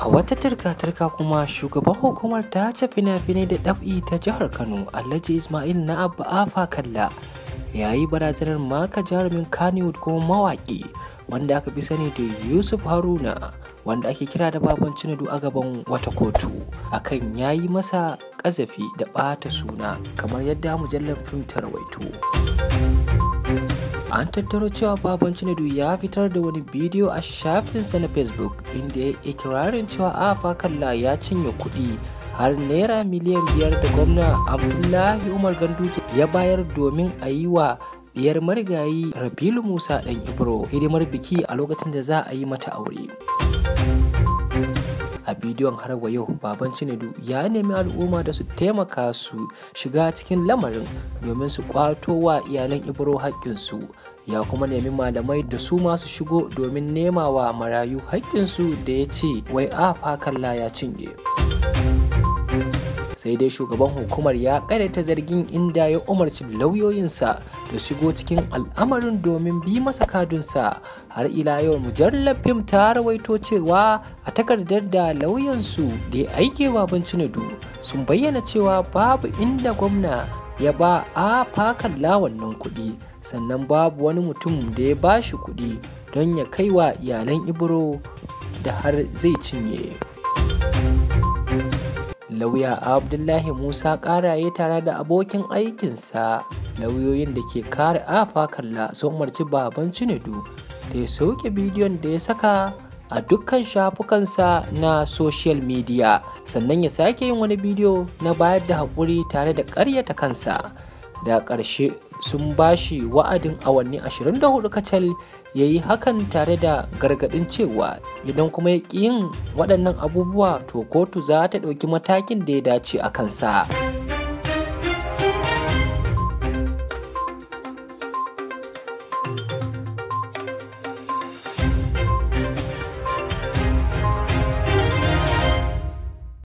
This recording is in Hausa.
a wata turka-turka kuma shugaban hukumar ta ce fina-finai da ɗab'i ta jihar kano alhaji ismail na abba afa kalla ya yi barazanar maka jarumin kannywood kuma mawaƙi wanda aka fi sani da yusuf haruna wanda ake kira da baban cinadu a gaban wata kotu akan ya yi masa ƙazafi da ɓata suna kamar yadda mujallar fim ta rawaito. an tattaro cewa baban Tinubu ya fitar da wani bidiyo a shafinsa na facebook inda ya ikirarin cewa afa kalla ya cinye kuɗi har naira miliyan biyar da gwamna abdullahi umar ganduje ya bayar domin a yi wa diyar marigayi rabilu musa Dan ibro hidimar biki a lokacin da za a yi mata aure bidiyon har wa yau baban cinedu ya nemi al'umma da su taimaka su shiga cikin lamarin domin su kwato wa iyalan ibro haƙƙinsu ya kuma nemi malamai da su masu shigo domin nema wa marayu haƙƙinsu da ya ce wai a fakalla ya cinye. sai dai shugaban hukumar ya ta zargin inda ya umarci lauyoyinsa da shigo cikin al'amarin domin bi masa kadunsa har ila yau mujallar fim ta rawaito cewa a takardar da lauyansu da ya aike baban du sun bayyana cewa babu inda gwamna ya ba a fakan lawannan kuɗi sannan babu wani mutum da ya ba shi kuɗi don ya kai wa iyalan ibro da har zai cinye lauya abdullahi musa karaye tare da abokin aikinsa lauyoyin da ke kare afa kalla sun umarci baban cinedu da ya sauke bidiyon da ya saka a dukkan shafukansa na social media sannan ya sake yin wani bidiyo na bayar da haƙuri tare da ƙaryata kansa da ƙarshe sun ba shi wa'adin awanni 24 kacal ya yi hakan tare da gargaɗin cewa idan kuma ya ƙi yin waɗannan abubuwa to kotu za ta ɗauki matakin da ya dace a kansa.